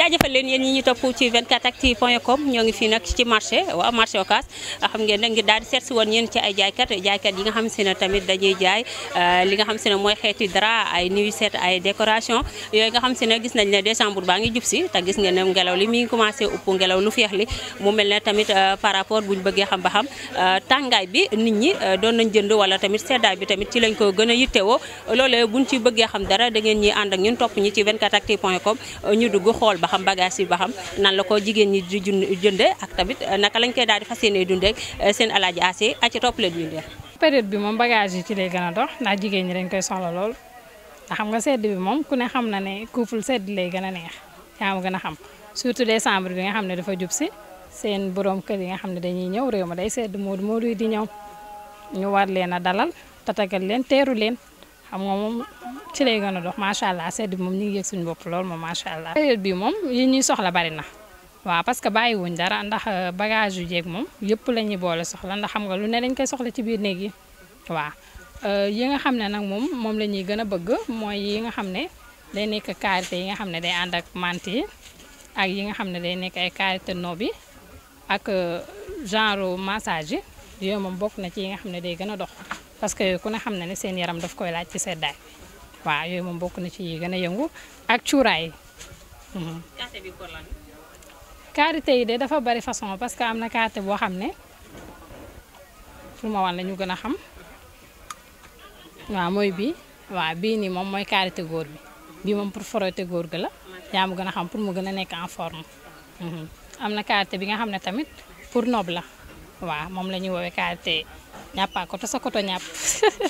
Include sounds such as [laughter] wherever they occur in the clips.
jaajëfal leen yéen ñi ñu topp ci 24actu point com ñoo ngi fii nag ci marché waaw marché Ocass xam ngeen nag ngi daal di seet si woon ñeen ci ay jaaykat jaaykat yi nga xam si ne tamit dañuy jaay euh, li nga xam si ne mooy xeeti drap ay nuisette ay décoration yooyu nga xam si ne gis nañ ne décembre baa ngi jub si te gis ngeen ne ngelaw li mi ngi commencé upp ngelaw lu feex li mu mel ne tamit euh, par rapport buñ bëggee xam ba xam euh, tàngaay bi nit ñi doon nañ jënd wala tamit seddaay bi tamit ci lañ ko gën a yittewoo loolee buñ ci bëggee xam dara da ngeen ñi ñun topp ñi ci 24actu point xam bagage ba xam nan la ko jigéen ñi di jënde ak tamit naka lañ koy daal di fas yéene dundee seen alaaji ace aca topp leen ñuy def bi moom bagage yi ci lay gën a dox naa jigéen ñi dañ koy soxla lool ndax xam nga sedd bi moom ku ne xam na ne couple sedd lay gën a neex yaa ma gën a xam surtout décembre bi nga xam ne dafa jub si seen borom kër yi nga xam ne dañuy ñëw réew ma day sedd moodu moodu yi di ñëw ñu war leen a dalal tatagal leen teeru leen xam nga moom ci lay gën a dox macha allah sedd bi moom ñu ngi yëg suñu bopp lool moom macha allah. période bi moom yi ñuy soxla bari na waaw parce que bàyyi wuñ dara ndax euh, bagage yu jeeg moom yëpp la ñuy boole soxla ndax xam nga lu ne dañ koy soxla ci biir néeg yi waaw euh, yi nga xam ne nag moom moom la ñuy gën a bëgg mooy yi nga xam ne day nekk karité yi nga xam ne day ànd ak mante yi ak yi nga xam ne day nekk ay karité no bi ak euh, genre massage yi yooyu moom bokk na ci yi nga xam ne day gën a dox. parce que ku ne xam na ne seen yaram daf koy laaj ci seddaay waaw yooyu moom bokk na ci yi gën a yëngu ak cuuraay yi. Mhm. karité yi de dafa bari façon parce que am na karité boo xam ne pour ma wan la ñu gën a xam mooy bii waaw bii nii moom mooy karité góor bi moom pour forote góor la yaa mu gën a xam pour mu gën a nekk en forme mhm. am na karité bi nga xam ne tamit pour nob la waaw moom la ñuy woowee ñàppaa ko to sa koto ñàpp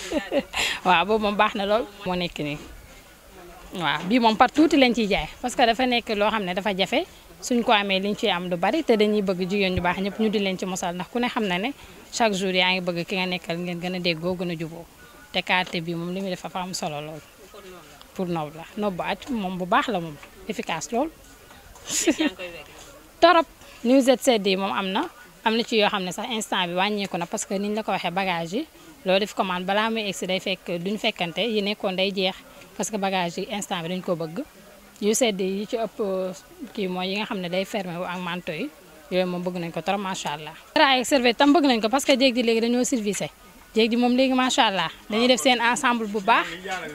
[laughs] waaw boobu moom baax na lool moo nekk nii waaw bii moom par tuuti leen ciy jaay parce que dafa nekk loo xam ne dafa jafe suñ ko amee liñ ciy am du bari te dañuy bëgg jigéen ñu baax ñëpp ñu di leen ci mosal ndax ku ne xam na ne chaque jour yaa ngi bëgg ki nga nekkal ngeen gën a déggoo gën a juboo te carte bi moom li muy def dafa am solo lool pour noob la noobu at moom bu baax la moom efficace lool [laughs] torop nuisette sedd yi moom am na am na ci yoo xam ne sax instant bi wàññeeku na parce que niñ la ko waxee bagage yi loo def commande balaa muy egsi day fekk duñ fekkante yi nekkoon day jeex parce que bagage yi instant bi dañ ko bëgg yu sedd yi ci ëpp kii mooy yi nga xam ne day fermé wu ak manto yi yooyu moom bëgg nañ ko trop macha allah. draps ak tam bëgg nañ ko parce que jéeg ji léegi dañoo service jéeg ji moom léegi macha allah dañuy def seen ensemble bu baax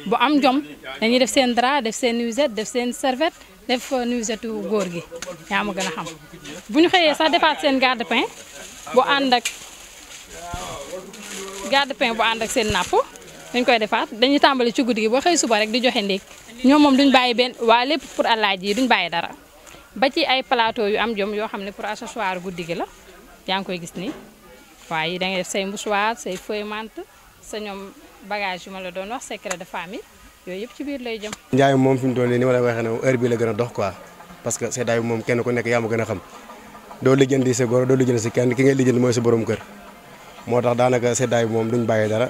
bu am jom dañuy def seen drap def seen nuisette def seen serviette. def nuisette góor gi yaa ma gën a xam bu ñu xëyee sax defaat seen garde-pain bu ànd ak garde-pain bu ànd ak seen napp dañ koy defaat dañuy tàmbali ci guddi gi ba xëy suba rek di joxe ndékk ñoom moom duñ bàyyi benn waa lépp pour àllaaj yi duñ bàyyi dara ba ci ay plateau yu am jom yoo xam ne pour accessoire guddi gi la yaa ngi koy gis nii waaye da ngay def say mouchoir say feuille mante sa ñoom bagage yu ma la doon wax secret de famille yooyu yëpp ci biir lay jëm. njaay mi moom fi mu toll nii ni ma la waxee ne heure bi la gën a dox quoi parce que seddaay bi moom kenn ku nekk yaa ma gën a xam doo lijjanti sa goro doo lijjanti si kenn dara.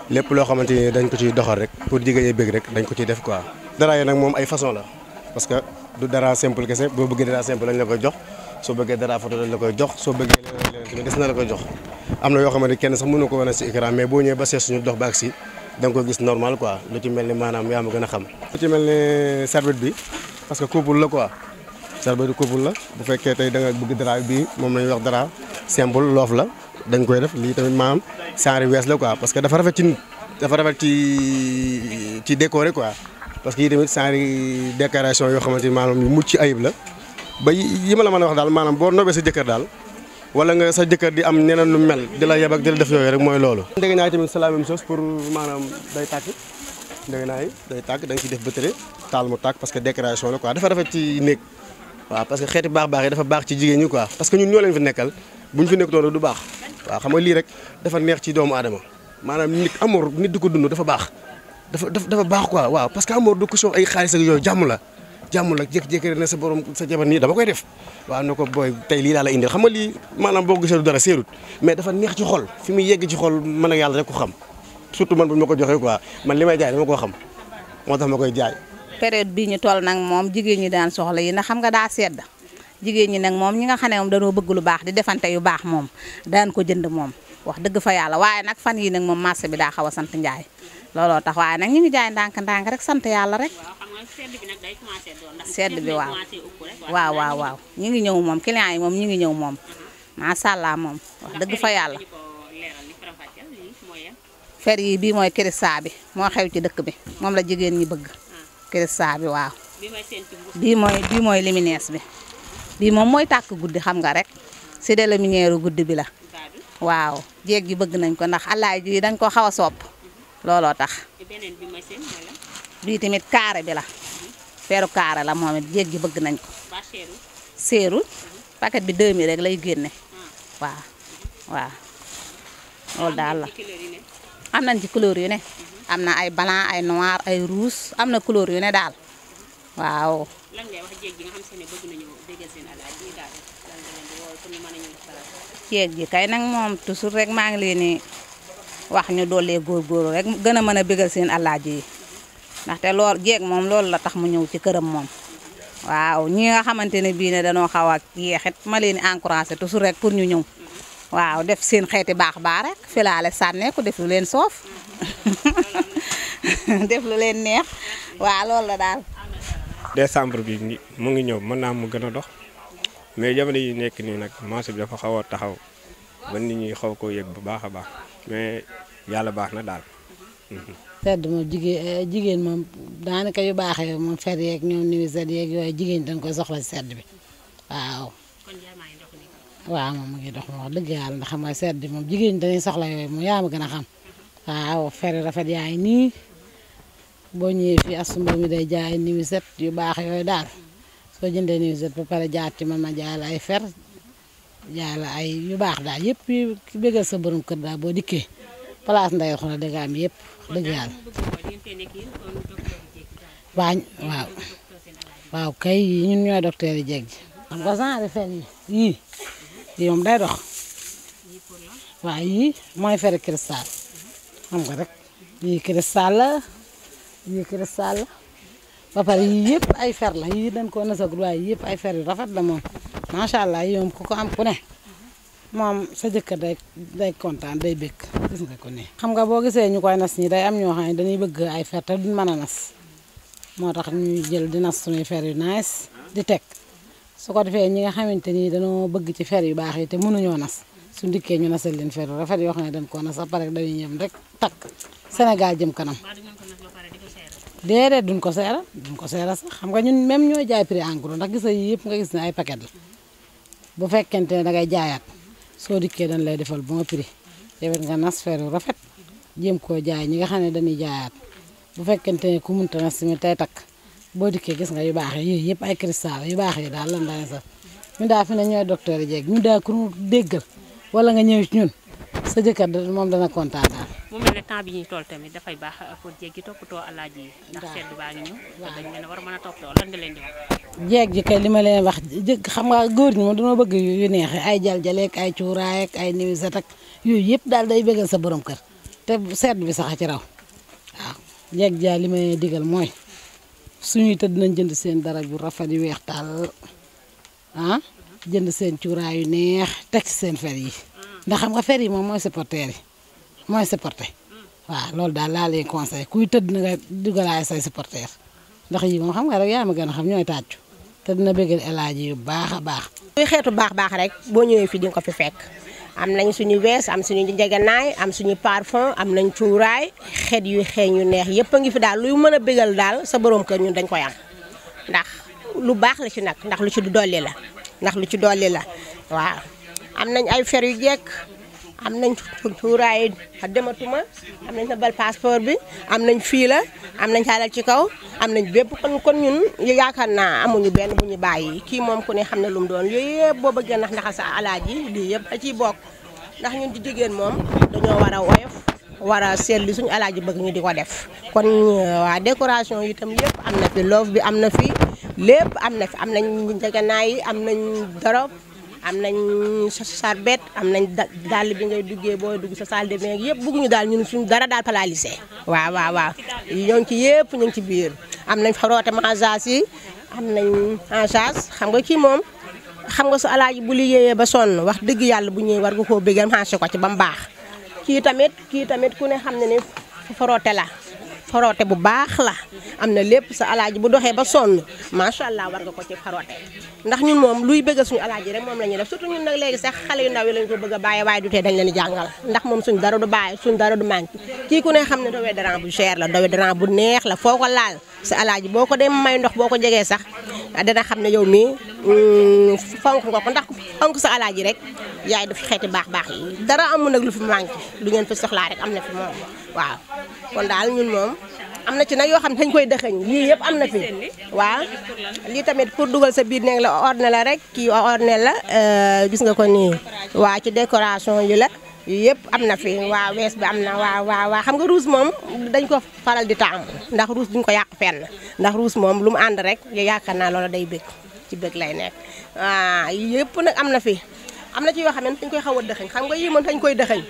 lépp loo xamante ni dañ ko ciy doxal rek pour jigéen ñi bëgg rek dañ ko ciy def quoi. dara yi nag moom ay façon la parce que du dara simple kese boo bëggee dara simple lañ la koy jox soo bëggee dara photo lañ la koy jox soo bëggee des na la koy jox am na yoo xamante kenn sax mënu ko wane si écran mais boo ñëwee ba seet suñu dox ba ak si danga nga ko gis normal quoi lu ci mel ni maanaam yaa ma gën a xam. lu ci mel ni serviette bi parce que couple la quoi serviette couple la bu fekkee tey da bugg bëgg dara bi moom la ñuy wax dara symbole loof la dañ koy def lii tamit maam genre wees la quoi parce que dafa rafet ci nit dafa rafet ci ci décoré quoi parce que yii tamit genre décaration yoo xamante ni maanaam yu mucc ayib la ba yi ma la mën a wax daal maanaam boo nobee si jëkkër daal. wala nga sa jëkkër di am neneen lu mel di la yeb ak di la def yooyu rek mooy loolu. ndege naa yi tamit c'est la même chose pour maanaam day tàkk ndege naa yi day tàkk def bëtëre taal mu tàkk parce que décoration la quoi dafa rafet ci néeg waaw parce que xeeti baax baax yi dafa baax ci jigéen ñi quoi parce que ñun ñoo leen fi nekkal bu ñu fi nekkutoon du baax waaw xam nga lii rek dafa neex ci doomu aadama maanaam nit amoor nit di ko dund dafa baax dafa dafa baax quoi waaw parce que amoor du question ay xaalis ak yooyu jàmm jàmm la jékki-jékki rek ne sa borom sa jabar nii dama koy def waaw ne ko booy tey lii daal la indil xam nga lii ma boo gisee du dara séerut dafa neex ci xol fi muy yegg yàlla rek ko xam surtout man bu ma ko joxee quoi man li may jaay koo xam moo tax ma koy jaay. période bii ñu toll nag moom jigéen ñi daan soxla yi ndax xam nga daa sedd jigéen ñi nag moom ñi nga xam ne moom danoo bëgg lu baax di defante yu baax moom daan ko jënd moom wax dëgg fa yàlla waaye nag fan yi nag moom marché bi daa xaw a sant njaay looloo tax waaye nag ñu ngi jaay ndànk-ndànk rek sant yàlla rek. sedd bi waaw waaw waaw waaw ñu ngi ñëw moom client yi moom ñu ngi ñëw moom uh-huh. macha allah moom dëgg fa yàlla. fer yi bii mooy kirista bi moo xew ci dëkk bi moom la jigéen ñi bëgg. Uh-huh. kirista bi waaw. bii mooy liminees bi. bii moom mooy tàkk guddi xam nga rek. si de lumineeru guddi bi la. waaw jéeg yi bëgg nañ ko ndax alaay ji dañ ko xaw a sopp looloo tax. beneen bi tamit kaare bi la. feru mhm. kaare la moom it jéeg gi bëgg nañ ko. seeru mhm. paquet bi 2000 rek lay génne. Ah. waaw mhm. waaw loolu daal la. am nañ ci couleur yu ne. am na ay blanc ay noir ay rouge am na couleur yu ne daal waaw. lan ngay gi nga xam ne kay nag moom toujours rek maa ngi wax ñu doolee góorgóorlu rek gën a mën a bégal seen alaaji yi ndaxte lool jeeg moom loolu la tax mu ñëw ci këram moom waaw ñi nga xamante ne bii ne danoo xaw a yeexit ma leen encouragé toujours rek pour ñu ñëw waaw def seen xeeti baax baax rek filaale sànneeku def lu leen soof [laughs] def lu leen neex waa loolu la daal décembre bi mu ngi ñëw mën naa mu gën a dox mais jamono yi nekk nii nag marché bi dafa xaw a taxaw ba nit ñuy xaw koo yëg bu baax a baax mais yàlla baax na daal. sedd moom jigéen eh, jigéen moom daanaka yu baax baaxee moom fer yeg ñoom ni muy sedd yeeg yooyu jigéen dañ koy soxla sedd bi waaw. waaw moom mu ngi dox moom wax dëgg yàlla ndax xam sedd bi moom jigéen ñi dañuy soxla yooyu moom yaa ma gën a xam waaw fer rafet yaa ngi nii boo ñëwee fii asumba mi day jaay ni muy set yu baax yooyu daal soo jëndee ni muy set ba pare jaat ci man ma jaay la ay fer yàlla ay yu baax daal yëpp yu bëggal sa borom kër daal boo dikkee place Ndeye Xuna da nga am yëpp dëgg yàlla waaw waaw waaw kay yi ñun ñooy docteur yi jeeg ji xam nga genre fer yi yii yii moom day dox waaw yii mooy feri cristal xam nga rek la yii cristal la ba pare yii yëpp ay fer la yii dañ koo nasagul waaye yii yëpp ay fer yu rafet la moom macha allah yoom ku ko am ku ne moom sa jëkkër day day kontaan day bëgg gis nga ko xam nga boo gisee ñu koy nas ñi day am ñoo xam ne dañuy bëgg ay fer te mën a nas moo tax ñuy jël di suñuy fer yu nice di teg su ko defee ñi nga xamante ni dañoo bëgg ci fer yu baax yi te mënuñoo nas su ndikkee ñu nasal leen fer rafet yoo xam ne dañ koo nas ba pare dañuy ñëm rek takk Sénégal jëm kanam. déedéet duñ ko seera duñ ko seera sax xam nga ñun même ñooy jaay prix en gros ndax gis nga yëpp nga gis ne ay paquet la. bu fekkente ne dangay jaayaat soo dikkee dañ lay defal bon prix yewet nga nas feeru rafet jéem koo jaay ñi nga xam ne dañuy jaayaat bu fekkente ne ku munta nas mi tey takk boo dikkee gis nga yu baax yi yëpp ay cristal yu baax yi daal lan daan sax ñu daa fi ne ñooy docteur yi jeeg ñu daa wala nga ñëw ci ñun sa jëkkër da moom dana kontaan daal. mu mel tamit dafay baax pour jéeg gi toppatoo alaaji yi. ndax sedd baa a mën a toppatoo lan ji kay li ma leen wax xam nga góor ñi moom dañoo bëgg yu neexee ay jaljaleek ay cuuraay ak ay niwisat yooyu yépp daal day bëggal sa borom kër te sedd bi sax ci raw waaw jéeg jaa li may digal mooy suñuy tëdd nañ jënd seen dara bu rafet yu weex tàll ah, jënd seen cuuraay yu neex teg ci seen fer yi. ndax xam nga fer yi moom mooy supporter yi mooy supporter waaw loolu daal laa lay conseil kuy tëdd na nga dugalaay say supporter ndax yi moom xam nga rek yaa ma gën a xam ñooy tàccu te dina bëggal elaaji yu baax a baax kuy xeetu baax baax rek boo ñëwee fii di ko fi fekk am nañ suñu wees am suñu njeganaay am suñu parfum am nañ cuuraay xet yuy xeeñ yu neex yëpp a ngi fi daal luy mën a bëggal daal sa borom kër ñun dañ koy am ndax lu baax la ci nag ndax lu ci dolli la ndax lu ci dolli la am nañ ay fer yu jekk am nañ cuuraay dematuma am nañ sa bi am nañ fii la am nañ xaalal ci kaw am nañ bépp kon kon ñun yaakaar naa amuñu benn bu ñu bàyyi kii moom ku ne xam ne lu mu doon yooyu yëpp boo bëggee ndax ndaxal sa yi lii yëpp a ciy bokk ndax ñun di jigéen moom dañoo war a woyof war a seet li suñu bëgg ñu di ko def kon euh, waa décoration yi itam yëpp am na fi loof bi am na fi lépp am na fi am nañ njëganaay am nañ dorop am nañ sarbet am nañ dàll bi ngay duggee boo dugg sa salle de bain yëpp bëgguñu daal ñun suñu dara daal paralysé waaw waaw waaw ñoo ngi ci yëpp ñu ngi ci biir am nañ frotté massage yi am nañ massage xam nga kii moom xam nga su alaaji bu liggéeyee ba sonn wax dëgg yàlla bu ñëwee war nga koo bëgg a massé ko ci ba mu baax kii tamit kii tamit ku ne xam ne ne frotté la faroote bu baax la am na lépp sa alaaji bu doxee ba sonn macha allah war nga ko ci faroote ndax ñun moom luy bëgg suñu alaaji rek moom la ñuy def surtout ñun nag léegi sax xale yu ndaw yi lañ ko bëgg a bàyyi dañ leen jàngal ndax moom suñ dara du bàyyi suñ dara du manqué kii ku ne xam ne déodorant bu cher la déodorant bu neex la foo ko laal sa alaaji boo ko dem may ndox boo ko jegee sax ah, dana xam ne yow mii mm, fonk nga ko ndax fonk sa yi rek yaay daf xeeti baax baax yi dara amul nag lu fi manqué lu ngeen fi soxlaa rek am na fi moom waaw kon daal ñun moom am na ci nag yoo xam ne dañ koy dëxëñ lii yëpp am na fi waa lii tamit pour dugal sa biir néeg la orne la rek kii orne la euh, gis nga ko nii waaw ci décoration yi la yëpp am na fi waaw wees bi am na waaw waaw waaw xam ruus moom dañ ko faral di taamu ndax ruus duñ ko yàq fenn ndax ruus moom lu mu ànd rek yaakaar naa loola day bëgg ci lay nekk waaw yëpp am na fi am na ci yoo xam ne dañ koy xaw a dëxëñ xam nga yii moom dañ koy dëxëñ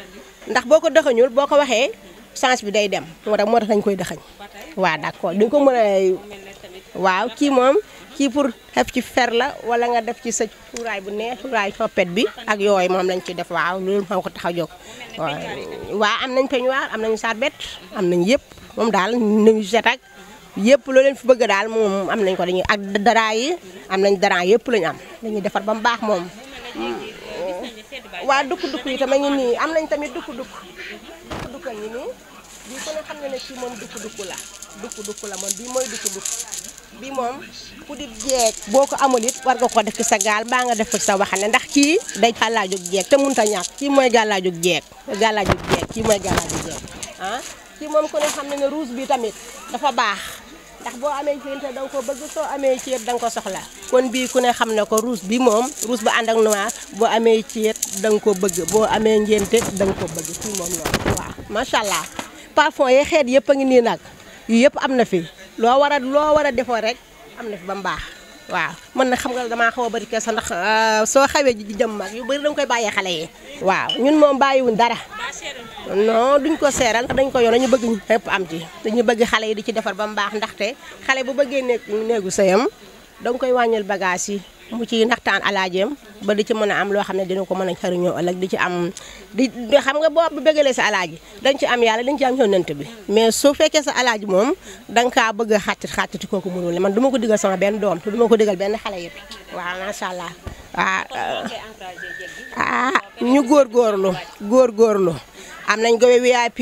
ndax boo ko dëxëñul boo ko waxee chance bi day dem moo tax moo tax dañ koy dëxañ waaw d'accord duñ ko mën a waaw kii moom kii pour xef ci fer la wala nga def ci sa cuuraay bu neex cuuraay toppet bi ak yooyu moom lañ ci def waaw ko tax a jóg waaw am nañ peignoir am nañ sarbet am nañ yëpp moom daal nuyu set ak yëpp loo leen fi bëgg daal moom am nañ ko dañuy ak dara yi am nañ dara yëpp lañu am dañuy defar ba mu baax moom waa dukk dukk yi tamit ngi nii am nañ tamit dukk dukk dukk a ngi nii bii ku ne xam nga ne kii moom dukk dukk la dukk dukk la moom bii mooy dukk dukk bi moom ku di jeeg boo ko amul it war nga ko def ci sa gaal baa nga def sa waxane ndax kii day gàllaaju jeeg te mënut a ñàkk kii mooy gàllaaju jeeg gàllaaju jeeg kii mooy gàllaaju ah. moom ku ne xam ne ne rouge bi tamit dafa baax ndax boo amee ceente da nga ko bëgg soo amee ceet da nga ko soxla kon bii ku ne xam ne ko ruus bi moom rouge bu ànd ak noir boo amee ceet da nga ko bëgg boo amee ngénte da nga ko moom loolu waaw macha parfum yi xeet yëpp a ngi nii nag yu yëpp am na fi loo war a loo war a defoo rek am na fi ba mu baax waaw mën na xam nga damaa xaw a bëri kees ndax euh, soo xawee ji jëm mag yu bari danga koy bàyyee xale yi waaw ñun moom bàyyiwuñ dara non duñ ko seeral dañ ko yoon ñu bëgg ñu yëpp am ci dañu bëgg xale yi di ci defar ba mu baax ndaxte xale bu bëggee nekk néegu sayam danga koy wàññil bagage yi mu ci naxtaan alaajeem ba di ci mën a am loo xam ne dina ko mën a xariñoo ëllëg di ci am di xam nga boo bu bëggalee sa alaaji dañ ci am yàlla dañ ci am yonent bi mais soo fekkee sa alaaji moom da nga kaa bëgg a xàttit xàttiti ko mënul ne man du ma ko digal sama benn doom te du ma ko digal benn xale yëpp waaw macha allah waaw ah, ah, ah ñu góorgóorlu góorgóorlu am nañ gowe VIP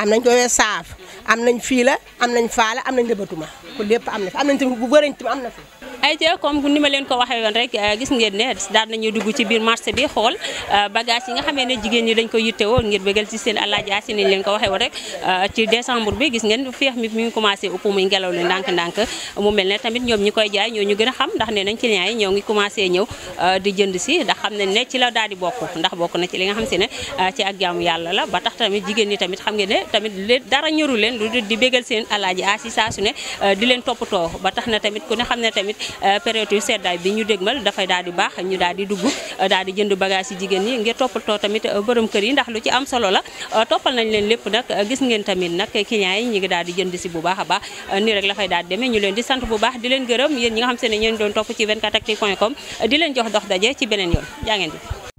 am nañ gowe saaf am nañ fii la am nañ faala am nañ dëbatuma lépp am na fi am nañ tamit bu bëriñ tamit am na fi ayca comme ni ma leen ko waxee woon rek euh, gis ngeen ne daan nañu dugg ci biir marché bi xool euh, bagage yi nga xamee ne jigéen euh, a xam di jënd si la daal di bokk ndax bokk na ci li nga xam si ci ak jaamu yàlla la ba tax tamit jigéen ñi tamit xam ngeen ne tamit dara ñëru leen lu di bëggal seen alaaji asi saa su ne di leen toppatoo ba tax na tamit ku ne xam ne tamit Euh, période yu seddaay bi ñu dégmal dafay daal di baax ñu daal di dugg euh, daal di jënd bagage yi jigéen ñi ngir toppatoo tamit euh, borom kër yi ndax lu ci am solo la toppal nañ leen lépp nag gis ngeen tamit nag clients yi ñu ngi daal di jënd si bu baax a baax nii rek lafay fay daal di ñu leen di sant bu baax di leen gërëm yéen ñi nga xam se ne ñeen doon topp ci 24actu point com di leen jox dox daje ci beneen yoon yaa ngeen di